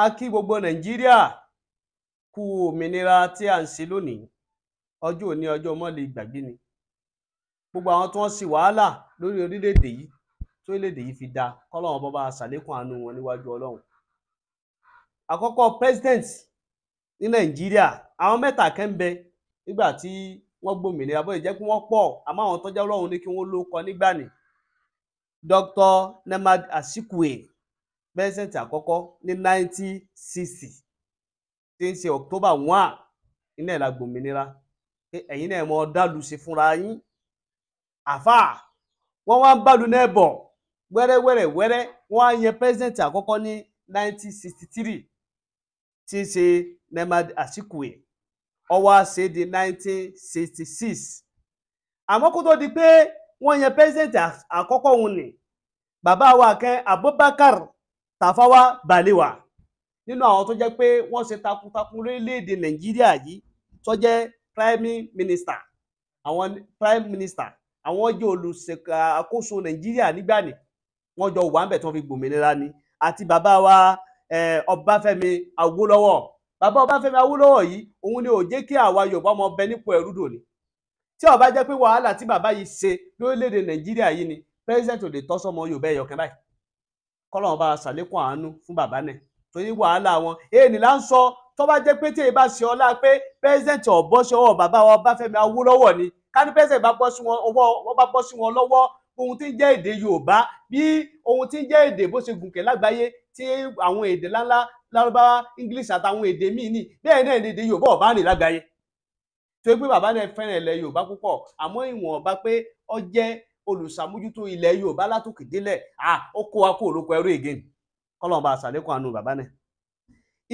a kí gbogbo nàìjíríà kú òmìnira tí à ń ṣe lónìí ọjọ́ òní ọjọ́ ọmọ lè gbàgbé ni gbogbo àwọn tí wọ́n ṣe wàhálà lórí orílẹ̀-èdè yìí tí orílẹ̀-èdè yìí fi da kọ́lọ́run bọ́ba ṣàlékún àánú wọn níwájú ọlọ́run àkọ́kọ́ president ní nàìjíríà àwọn mẹ́ta kan ń bẹ nígbà tí wọ́n gbòmìnira bóyá jẹ́ pé wọ́n pọ̀ àmọ́ àwọn tọ́jà ọlọ́run ní kí wọ́n ló nígbà ní Dr. Nemad Azikiwe bẹ́sẹ̀ntì àkọ́kọ́ ní 1960 tí ń ṣe October 1 ilẹ̀ la gbòmìnira ẹ̀yin náà mọ dálù ṣe fúnra yín àfà wọ́n wá ń bálu náà bọ̀ wẹ́rẹ́wẹ́rẹ́wẹ́rẹ́ wọ́n á yan bẹ́sẹ̀ntì àkọ́kọ́ ní 1963 tí ń ṣe Nemad Azikiwe ó wá ṣe di 1966 àmọ́ kó tó di pé wọ́n yan bẹ́sẹ̀ntì àkọ́kọ́ òun ni bàbá wa kẹ́ Abubakar tàfáwá bàlẹ́wà nínú àwọn tó jẹ́ pé wọ́n ṣe takuntakun lórílẹ̀‐èdè nàìjíríà yìí tó jẹ́ prime minister àwọn prime minister àwọn jẹ́ olùṣàkóso nàìjíríà nígbà ní wọ́n jọ wà ń bẹ̀ tí fi gbòmìnira ni àti bàbá wa ọbáfẹ́mi awólọ́wọ̀ bàbá ọbáfẹ́mi awólọ́wọ̀ yìí òun ni ò jẹ́ kí àwa yorùbá ọmọ bẹ nípò ẹrú dòní tí ó bá jẹ́ pé wàhálà tí bàbá yìí ṣe lórílẹ̀‐èdè nàìjíríà yìí ni president ò lè tọ́ sọmọ yorùbá ẹ̀yọ̀kan báyìí kọ́lọ́wọ́n bá ṣàlékún àánú fún bàbá náà torí wàhálà wọn èèní là ń sọ tó bá jẹ́ pé tí èyí bá ṣe ọlá pé pẹ́sẹ̀ntì ọ̀bọ́ sí ọwọ́ bàbá wa Ọbáfẹ́mi Awólọ́wọ́ ni ká ní pẹ́sẹ̀ntì bá bọ́ sí wọn lọ́wọ́ ohun tí ń jẹ́ èdè Yorùbá bí ohun tí ń jẹ́ èdè bó ṣe gùnkè lágbàáyé tí àwọn èdè ńláńlá lárúbáwá English àtàwọn èdè míì ní bẹ́ẹ̀ náà èdè Yorùbá ọ̀bá rìn lágbàáyé tó pé bàbá náà fẹ́ràn ilẹ̀ Yorùbá púpọ̀ àmọ́ ìwọ̀nba pé ó jẹ́ olùṣàmójútó ilẹ̀ yorùbá látòkè délẹ̀ ó kó wa kó olóko ẹrú again kọ́lọ́n bá a sàlékún àánú bàbá náà.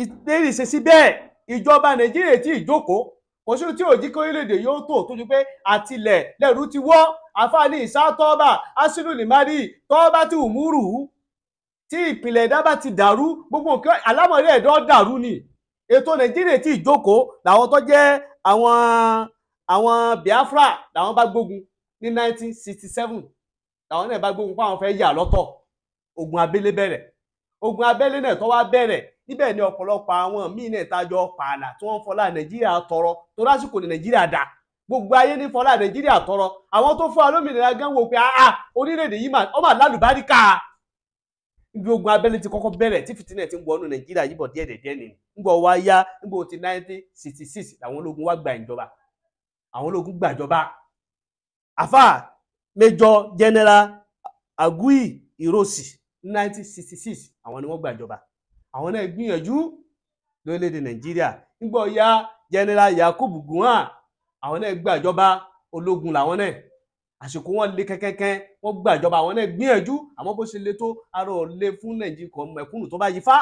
ìlérí ṣe sí bẹ́ẹ̀ ìjọba nàìjíríà tí ìjókòó kò sí tí òjì kí orílẹ̀-èdè yóò tó tó ju pé àtìlẹ̀ lẹ́rú ti wọ́ àfáàní ìsá tọ́ọ̀bà asínú lìmárì tọ́ọ̀bà ti wùmúrù tí ìpìlẹ̀ ẹ̀dá bá ti dàrú gbogbo nǹkan alámọ̀rí ẹ̀dọ́ dàrú ni ètò nàìjíríà tí ìjókòó làwọn tó jẹ́ àwọn àwọn biafra làwọn bá gbógun ní 1967 làwọn náà bá gbógun àwọn fẹ́ yà lọ́tọ̀ ogun abẹ́lé bẹ̀rẹ̀ ogun abẹ́lé náà tó wá bẹ̀rẹ̀ níbẹ̀ ni ọ̀pọ̀lọpọ̀ àwọn míì náà tajọ pààlà tí wọ́n fọlá nàìjíríà tọrọ tó lásìkò ní nàìjíríà dà gbogbo ayé ní fọlá nàìjíríà tọrọ àwọn tó fún alómìnira gan pé èdè yìí mà lálùbáríkà ogun abẹ́lé ti kọ́kọ́ bẹ̀rẹ̀ tí ti ń wọnú ti 1966 làwọn ológun wá ìjọba afa Major General Agui Irosi 1966 àwọn ni wọ́n gbàjọba àwọn náà gbìyànjú lórílẹ̀‐èdè Nàìjíríà nígbà ọ̀ya General Yakub Gowon àwọn náà gbàjọba ológun làwọn náà àsìkò wọn le kẹkẹkẹ wọn gbàjọba àwọn náà gbìyànjú àmọ́ bó ṣe le tó ara ò le fún Nàìjíríà kò mẹ̀kúnnù tó bá yí fá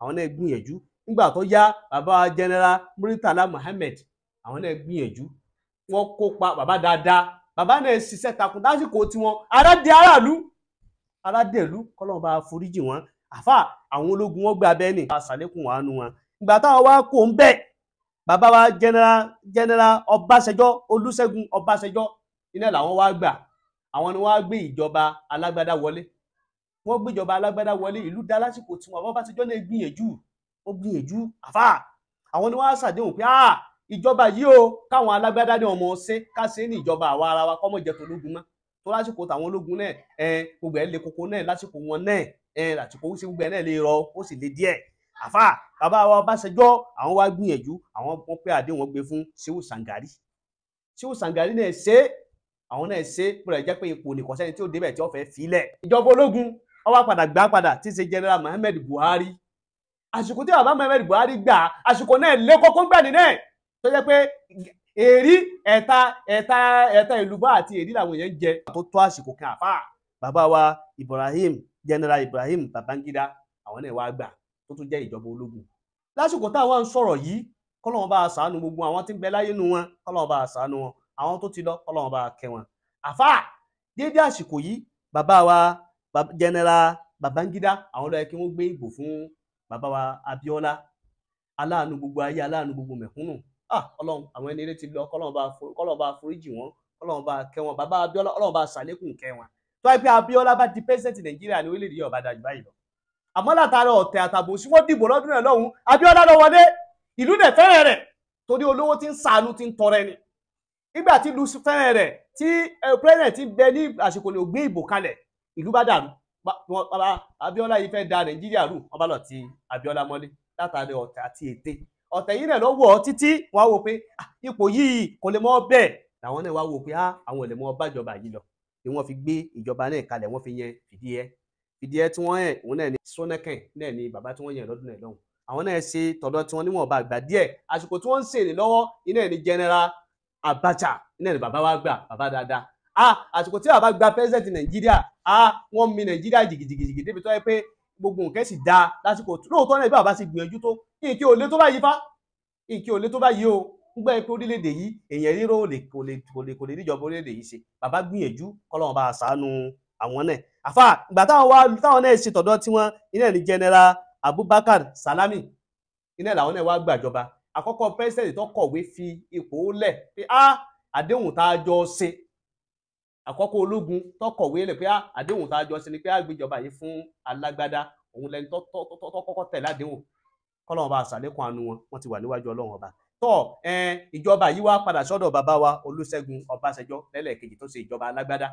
àwọn náà gbìyànjú nígbà tó yá bàbá General Muritala Muhammed àwọn náà gbìyànjú wọn kópa bàbá dáadáa bàbá náà ṣiṣẹ́ takun lásìkò tiwọn aládé aráàlú aládé ìlú kọ́lọ́n bá foríjì wọn àfà àwọn ológun wọn gbé abẹ́ ní àṣàlékún àánú wọn ìgbà táwọn wá kó ń bẹ̀ bàbá wa general general Ọbásanjọ́ Olúṣẹ́gun Ọbásanjọ́ iná làwọn wá gbà àwọn ni wọ́n á gbé ìjọba alágbádá wọlé wọ́n gbéjọba alágbádá wọlé ìlú dá lásìkò tiwọn Ọbásanjọ́ náà gbìyànjú ó gbìyànjú àfà àwọn ni wọ́n á ṣàdéhùn pé ah ìjọba yìí o káwọn alágbádá ní ọmọ ṣe ká ṣe ní ìjọba àwa ara wa kọ́mọ̀ jẹ́ tológun mọ́ tó lásìkò tàwọn ológun náà ẹ gbogbo ẹ lè koko náà lásìkò wọn náà ẹ lásìkò ó sì gbogbo ẹ náà lè rọ ó sì lè díẹ̀ àfà bàbá wa Ọbásanjọ́ àwọn wá gbìyànjú àwọn wọn pé àdéhùn wọn gbé fún Shehu Sangari Shehu Sangari náà ṣe àwọn náà ṣe bóra jẹ́ pé ipò nìkan sẹ́ni tí ó débẹ̀ tí ó fẹ́ filẹ̀ ìjọba ológun ó wá padà gbá padà tí í ṣe general Muhammadu Buhari àsìkò tí bàbá Muhammadu Buhari gbà àsìkò náà lé kókó gbà nínú ẹ̀ tó jẹ́ pé èrí ẹ̀ta ẹ̀ta ẹ̀ta ìlúbọ́ àti èrí làwọn èèyàn jẹ tó tó àsìkò kan àfà bàbá wa Ibrahim General Ibrahim Babangida àwọn náà wá gbà tó tún jẹ́ ìjọba ológun lásìkò táwọn ń sọ̀rọ̀ yìí kọ́lọ́wọ́n bá a ṣàánú gbogbo àwọn tí ń bẹ láyé nu wọn kọ́lọ́wọ́n bá a ṣàánú wọn àwọn tó ti lọ kọ́lọ́wọ́n bá a kẹ́ wọn àfà déédé àsìkò yìí bàbá wa General Babangida àwọn ló yẹ kí wọ́n gbé ìbò fún bàbá wa Abiola aláàánú gbogbo ayé aláàánú gbogbo mẹ̀kúnnù ah ọlọ́run àwọn ẹni eré ti lọ kọ́lọ́run bá foríjì wọn kọ́lọ́run bá kẹ́ wọn bàbá abiola ọlọ́run bá ṣàlékún kẹ́ wọn tó wáyé pé abiola bá di pẹ́sẹ̀ntì nàìjíríà ní orílẹ̀-èdè yìí ọ̀bá dájú báyìí lọ àmọ́ látara ọ̀tẹ̀ àtàbò sí wọ́n dìbò lọ́dún náà lọ́hùn abiola lọ wọlé ìlú dẹ̀ fẹ́rẹ̀ rẹ̀ torí olówó ti ń sàánú ti ń tọrẹ ni nígbà tí lu fẹ́rẹ̀ rẹ̀ tí president ti bẹ ní àsìkò ní ògbé ìbò kalẹ̀ ìlú bá dàrú abiola yìí fẹ́ da nàìjíríà rú wọn ti abiola mọ́lé látara ọ̀tẹ̀ àti ète ọ̀tẹ̀ yìí náà ló wọ̀ ọ́ títí wàá wò pé ah, ipò yìí kò lè mọ́ bẹ́ẹ̀ làwọn náà wàá wò pé ah, àwọn lè mọ́ bájọba yìí lọ ni wọ́n fi gbé ìjọba náà kalẹ̀ wọ́n fi yẹn Fìdíhẹ Fìdíhẹ tí wọ́n yẹn òun náà ni Ṣónẹ́kàn náà ni bàbá tí wọ́n yẹn lọ́dún náà lọ́hùn àwọn náà ṣe tọ̀dọ̀ tí wọ́n níwọ̀nba àgbà díẹ̀ àsìkò tí wọ́n ń sìn lọ́wọ́ iná ní general Abacha iná ní bàbá wa gbà bàbá dáadáa ah àsìkò tí bàbá gba president Nàìjíríà ah wọ́n mi Nàìjíríà jìgìjìgìjìgì débi tó yẹ pé gbogbo nǹkan sì dáa lásìkò lóòótọ́ náà bí bàbá ti gbìyànjú tó ìkí òlé tó bá yí fá ìkí òlé tó bá yí o gbẹ́ pé orílẹ̀-èdè yìí èèyàn ríró kò lè kò lè kò lè níjọba orílẹ̀-èdè yìí ṣe bàbá gbìyànjú kọ́lọ́run bá ṣàánú àwọn náà àfà ìgbà táwọn wá táwọn náà ṣe tọ̀dọ̀ tiwọn iná ní general Abubakar Salami iná làwọn náà wá gbàjọba àkọ́kọ́ president tó kọ̀wé fi ipò lẹ̀ pé a àdéhùn tá a jọ ṣe àkọ́kọ́ ológun tó kọ̀wé lẹ̀ pé ah, àdéhùn tá a jọ sí ni pé àgbéjọba yìí fún alágbádá òun lẹni tó kọ́kọ́ tẹ̀lé àdéhùn kọ́lọ́wọ́n bá àṣàlékún àánú wọn wọ́n ti wà níwájú ọlọ́wọ́n ọba tọ́ ìjọba yìí wá padà sọ́dọ̀ bàbá wa Olúṣẹ́gun Ọbásanjọ́ lẹ́lẹ́kejì tó ṣe ìjọba alágbádá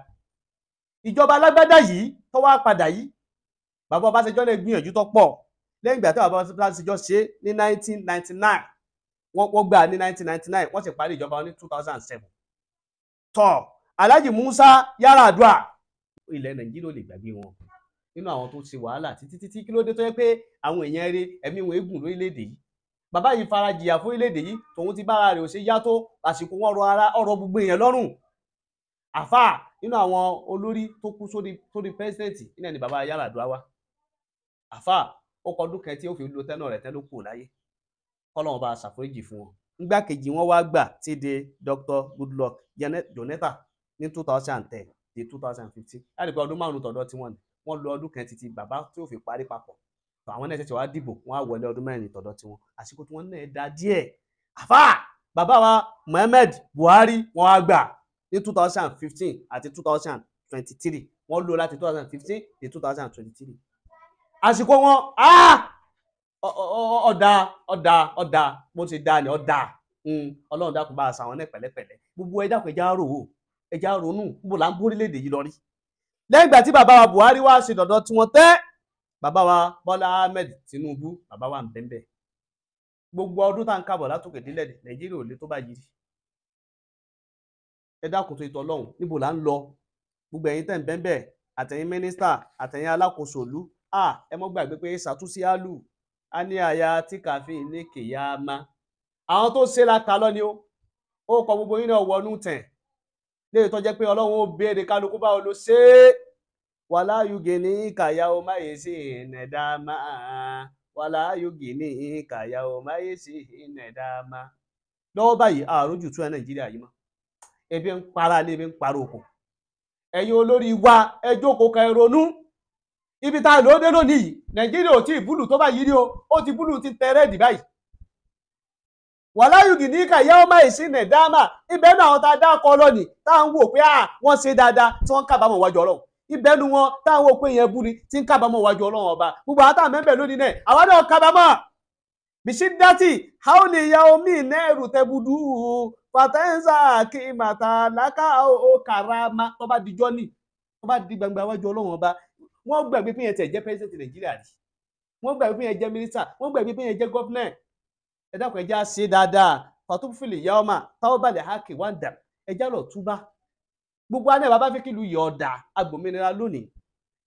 ìjọba alágbádá yìí tó wá padà yìí bàbá Ọbásanjọ́ lè gbìyànjú tó pọ̀ lẹ́yìn ìgbà tí bàbá Ọbásanjọ́ ṣe ní 1999 wọ́n gbà ní 1999 wọ́n sì parí ìjọba ní 2007 tọ́ alhaji musa yàrá àdúrà ilẹ̀ nàìjíríà ò lè gbàgbé wọn nínú àwọn tó ṣe wàhálà títí títí kí ló dé tó yẹ pé àwọn èèyàn eré ẹ̀mí wọn eégún lórílẹ̀‐èdè yìí bàbá yìí fara jìyà fún orílẹ̀‐èdè yìí tòun ti bára rẹ̀ ò ṣe yá tó àsìkò wọn rọ ara ọ̀rọ̀ gbogbo èèyàn lọ́rùn àfà nínú àwọn olórí tó kú sórí sórí pẹ́sidẹ̀ntì nílẹ̀ ni bàbá yàrá àdúrà wa àfà ó kọ ọdún tí ó fi lo tẹ́nà rẹ̀ tẹ́ kù láyé kọ́lọ́run ní two thousand and ten di two thousand and fifteen láti pé ọdún márùn tọ̀dọ̀ tí wọ́n ní wọ́n lo ọdún kan títí bàbá tí ò fi parí papọ̀ àwọn náà ṣẹ̀ṣẹ̀ wá dìbò wọ́n á wọlé ọdún mẹ́rin tọ̀dọ̀ tí wọ́n àsìkò tí wọ́n náà da díẹ̀ àfà bàbá wa Muhammad Buhari wọ́n á gbà ní two thousand and fifteen àti two thousand and twenty three wọ́n lò láti two thousand and fifteen di two thousand and twenty three àsìkò wọn ọ̀dà ọ̀dà ọ̀dà mo ti dá ni ọ̀dà hmm, ọlọ́run dákun bá a sàwọn náà pẹ̀lẹ́pẹ̀lẹ́ gbogbo ẹ dákun ẹ já rò ó ẹja ronú bó là ń bórílẹ̀-èdè yìí lọ rí lẹ́yìn ìgbà tí bàbá wa Buhari wá ṣe dọ̀dọ̀ tí wọ́n tẹ́ bàbá wa Bọ́lá Ahmed Tinubu bàbá wa ń bẹ́ńbẹ́ gbogbo ọdún tá à ń kábọ̀ látòkè délẹ̀ Nàìjíríà ò lè tó bá yìí ẹ dákun tó ìtọ́ lọ́hùn níbo là ń lọ gbogbo ẹ̀yin tẹ̀ ń bẹ́ńbẹ́ àtẹ̀yin mínísítà àtẹ̀yin alákòóso ìlú à ẹ mọ́ gbàgbé pé ṣàtúnṣe àlù á ní àyà tí kàfíìn ní kèyà má àwọn tó ṣe la ta lọ ni ó ó kọ gbogbo yín náà wọnú tẹ̀ lè tó jẹ́ pé ọlọ́run ó béèrè kálukú bá ọ lọ ṣe é wàlá yugi ní kàyà o má yé sí ìnẹ̀dá máa wàlá yugi ní kàyà o má yé sí ìnẹ̀dá máa. lọ́wọ́ báyìí àròjù tún ẹ nàìjíríà yìí mọ́ ebi ń para lé ebi ń parọ́ oko ẹ̀yin olórí wa Ẹjọ́ jókòó ká ronú ibi tá a lò ó lónìí nàìjíríà ò tí ì búlù tó báyìí rí o ó ti búlù ti tẹ rẹ́ẹ̀dì báyìí wàláyù gìdíkà yẹ́wọ́mà ìsínẹ̀ dáàmà ibẹ̀ náà àwọn tá a dá ọkọ lọ́nìí tá à ń wò pé ah, wọ́n ṣe dáadáa tí wọ́n ń kábàámọ̀ wájú ọlọ́run ibẹ̀ nu wọn tá à ń wò pé yẹn bú ni tí ń kábàámọ̀ wájú ọlọ́run ọba gbogbo àwọn tá à mẹ́bẹ̀ lónìí náà àwọn náà kábàámọ̀ bìṣídàtì àwọn ènìyàn omi náírù tẹ́budú fàtẹ́ńsà kí màtà láká ó karama tó bá dijọ́ ni tó bá di gbangba wájú ọlọ́run ọba wọ́n gbàgbé pé yẹn tẹ̀ jẹ́ pẹ́sidẹ̀ntì ẹ dákun ẹjá ṣe dáadáa fatúfìlì yaoma táwọbàlẹ hákì wàndà ẹjá lọ túbá gbogbo anẹ bàbá fẹ́ kí ìlú yọ ọdà agbòmìnira lónìí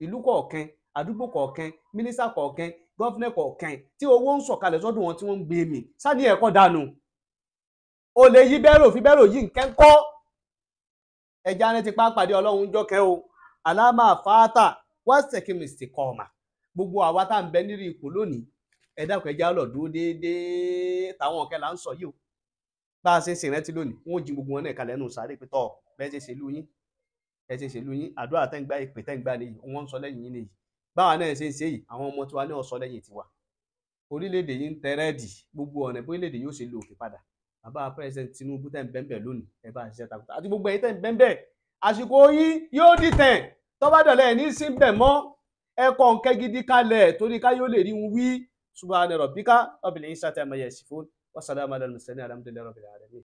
ìlú kọ̀ọ̀kan àdúgbò kọ̀ọ̀kan mínísà kọ̀ọ̀kan gọvnẹ kọ̀ọ̀kan tí owó ń sọ̀kalẹ̀ sọ́dọ̀ wọn tí wọ́n ń gbé mi sani ẹkọ dànù o lè yí bẹ̀rù fi bẹ̀rù yí nǹkan kọ ẹjá ní ti pàápàdé Ọlọ́run jọkẹ o alámà fàátà wá sẹkìmìsì kọọmà gbogbo àwa tá à ń bẹ nírú ipò lónìí ẹ dákun ẹ já lọ dúró déédéé táwọn ọ̀kẹ́ là ń sọ yìí o bá a ṣe ń ṣèrántí lónìí wọn ò jí gbogbo wọn náà kalẹ̀ nù sáré pé tọ́ bẹ́ẹ̀ ṣe ṣe lú yín ẹ ṣe ṣe lú yín àdúrà tẹ́ǹgbà ìpè tẹ́ǹgbà nìyí wọn ń sọ lẹ́yìn yín nìyí báwa náà ṣe ń ṣe yìí àwọn ọmọ tiwa náà sọ lẹ́yìn tiwa orílẹ̀-èdè yìí ń tẹ́rẹ́ẹ̀dì gbogbo ọ̀nà orílẹ̀-èdè yóò ṣe lọ òkè padà bàbá president Tinubu tẹ́ ń bẹ́ńbẹ̀ lónìí ẹ bá ṣiṣẹ́ takuta àti gbogbo ẹ̀yin tẹ́ ń bẹ́ńbẹ̀ àsìkò yín yóò dìtẹ̀ subhana rabbika rabbil izzati amma yasifun wa salamun alal mursalin alhamdulillahi rabbil alamin